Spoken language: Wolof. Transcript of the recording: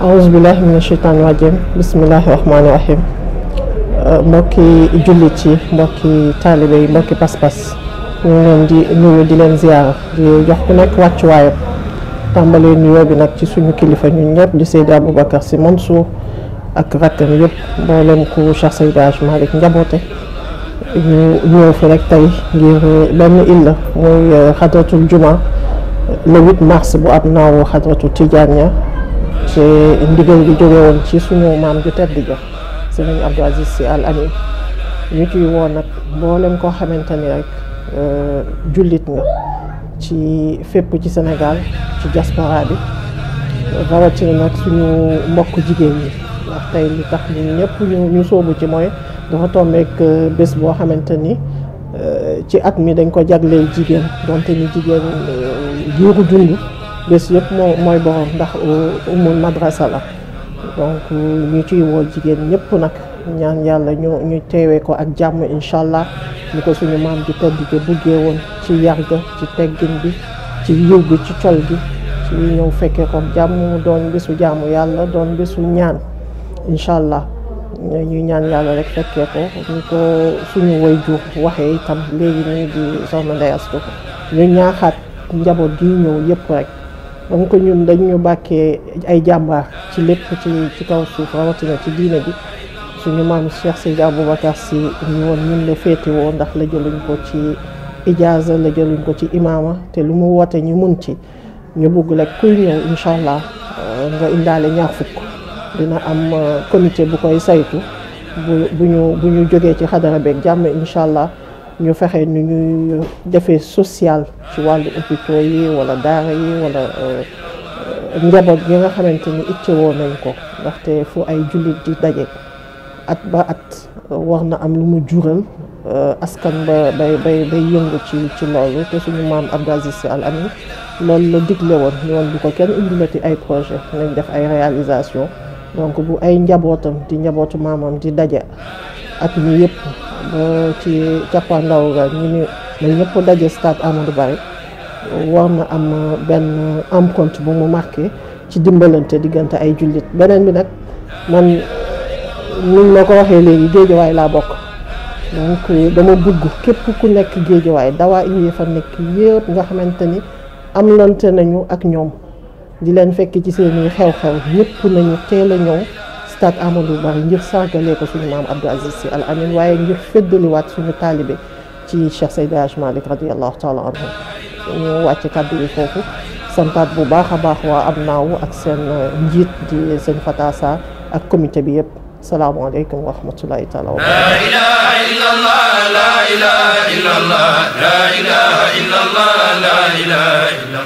aousubillahi mina sheytaani rajim bisimillahi rahmaani rahim mbokki jullit yi mbokki taalibe yi mbokki pas-pas ñu ngi di nuyu di leen ziyaara di jox ku nekk wàccuwaayam tàmbalee nuyoo bi nag ci suñu kilifa ñun ñëpp di Seydi Aboubacar Sy Mansour ak rakkam yëpp mboolem ku Cheikh Seydi Hadji njaboote ñu ñëw fi rek tey ngir benn illa muy xadratul juma le 8 mars bu ab naawu xadratu Tijaaniya ci ndigal gi jóge ci suñu maam ju tedd ja Sëriñ Abdou Aziz Sy Al Amin ñu ciy mboolem koo xamante ni rek euh, jullit nga ci fépp ci senegal ci diaspora bi rawatina nag suñu mbokk jigéen ñi ndax tey li tax ñun ñëpp ñu ñu ci mooy dafa tombeek euh, bés boo xamante ni ci at mi dañ ko jagleel jigéen donte ni jigéen euh, jiiru dund bés yëpp moo mooy borom ndax euh, umul madrasa la donc euh, ñu ciy woo jigéen ñëpp nag ñaan yàlla ñu ñu teewee ko ak jàmm incha allah ñu ko suñu maam di tedd ji buggee woon ci yar ga ci teggin bi ci yiw gi ci col gi ci ñëw fekkee ko jàmm doon bésu jàmm yàlla doon bésu ñaan incha allah ñuy ñaan yàlla rek fekkee ko ñu ko suñu way juux waxee itam léegi nii di soxna Ndeye Astou ñu ñaaxaat njaboot gi ñëw yëpp rek dam ko ñun dañ bàkkee ay jàmbaar ci lépp ci ci kaw suuf rawatina ci diine bi suñu maam Cheikh Seydi Aboubacar si ñu woon ñun la féete woo ndax la jëluñ ko ci ijaaza la jëluñ ko ci imaama te lu mu woote ñu mun ci ñu bugg rek kuy ñëw incha allah euh, nga indaale ñaar fukk dina am euh, comité bu koy saytu bu bu ñu bu ñu jógee ci xadara beeg jàmm incha allah ñu fexe nu ñuy defee social ci wàllu hôpitaux yi wala daara yi wala euh, njaboot yi nga xamante ni itte woo nañ ko ndaxte fu ay jullit di daje at ba at euh, war na am lu mu jural askan ba bay bay bay yëngu ci ci loolu te suñu maam Abdou Aziz Sy Al Amine loolu la digle woon ñu bu ko kenn indilati ay projet nañ def ay réalisation donc bu ay njabootam di njabootu maamam di daje at mi yëpp ci cappaandaw ga ñu ni na ñëpp daje stade Amadou na am benn empreinte bu mu marqué ci dimbalante diggante ay jullit beneen bi nag man niñ ma ko waxee léegi géejawaay laa bokk donc dama bugg képp ku nekk géejawaay dawaa yi fa nekk yëpp nga xamante ni amlante nañu ak ñoom di len fekk ci seeni xew-xew ñëpp nañu téla a ñëw stade Amadou bar ngir sargalee ko suñu mam Abdou Aziz ci Al amin waye ngir wat suñu talibé ci Cheikh Seydi Hadj Malick radiallahu taala anhu ñu wàcc kàddu yi fofu santat bu baax baax wa am ak seen njit di seen fatasa ak comité bi yëpp السلام عليكم ورحمة الله الله تعالى لا لا إله إله إلا إلا salaamaaleykum wa rahmatullahi taala wa la ilaha illallah